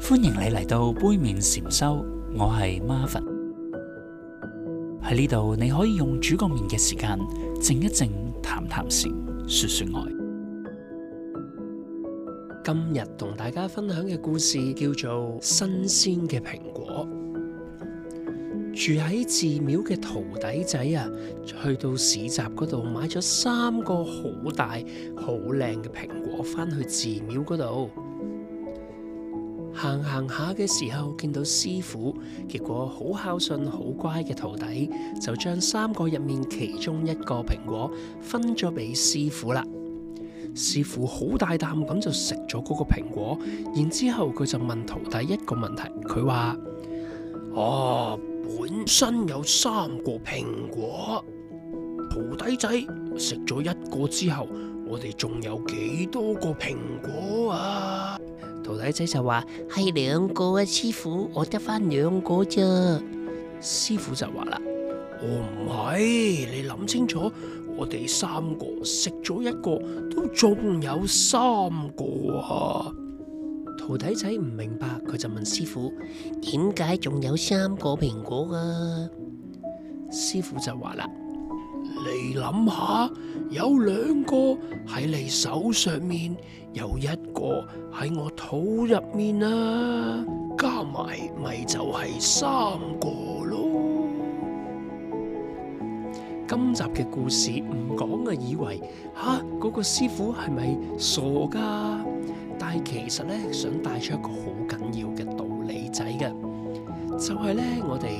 歡迎你嚟到杯麵禪修，我係 Marvin 喺呢度，你可以用煮個麵嘅時間靜一靜，談談禪，說說愛。今日同大家分享嘅故事叫做《新鮮嘅蘋果》。住喺寺廟嘅徒弟仔啊，去到市集嗰度買咗三個好大、好靚嘅蘋果，翻去寺廟嗰度。行行下嘅時候見到師父，結果好孝順、好乖嘅徒弟，就將三個入面其中一個蘋果分咗俾師父啦。師父好大啖咁就食咗嗰個蘋果，然之後佢就問徒弟一個問題，佢話：哦、啊，本身有三個蘋果，徒弟仔食咗一個之後。我哋仲有幾多個蘋果啊？徒弟仔就話係兩個啊，師傅，我得翻兩個啫。師傅就話啦，我唔係，你諗清楚，我哋三個食咗一個，都仲有三個啊。徒弟仔唔明白，佢就問師傅，點解仲有三個蘋果㗎？師傅就話啦，你諗下。有兩個喺你手上面，有一個喺我肚入面啊，加埋咪就係三個咯。今集嘅故事唔講啊，以為吓嗰個師父係咪傻噶？但係其實呢，想帶出一個好緊要嘅道理仔嘅，就係呢，我哋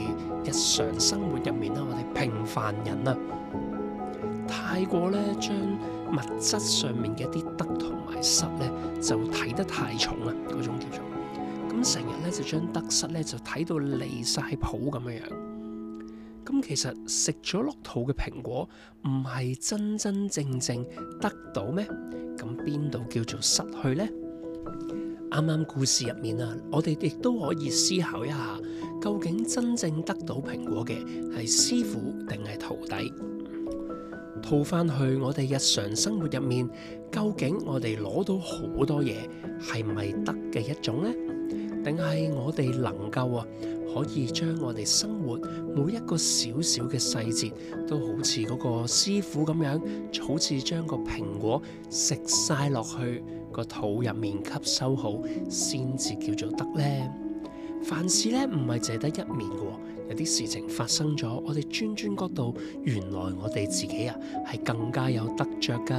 日常生活入面啦，我哋平凡人啊。太過咧，將物質上面嘅一啲得同埋失咧，就睇得太重啦，嗰種叫做咁成日咧，就將得失咧就睇到離晒譜咁樣樣。咁其實食咗落肚嘅蘋果，唔係真真正正得到咩？咁邊度叫做失去呢？啱啱故事入面啊，我哋亦都可以思考一下，究竟真正得到蘋果嘅係師傅定係徒弟？套翻去我哋日常生活入面，究竟我哋攞到好多嘢係咪得嘅一種呢？定係我哋能夠啊，可以將我哋生活每一個小小嘅細節，都好似嗰個師傅咁樣，好似將個蘋果食晒落去個肚入面吸收好，先至叫做得呢。凡事咧唔係淨得一面嘅，有啲事情發生咗，我哋轉轉角度，原來我哋自己啊係更加有得着噶。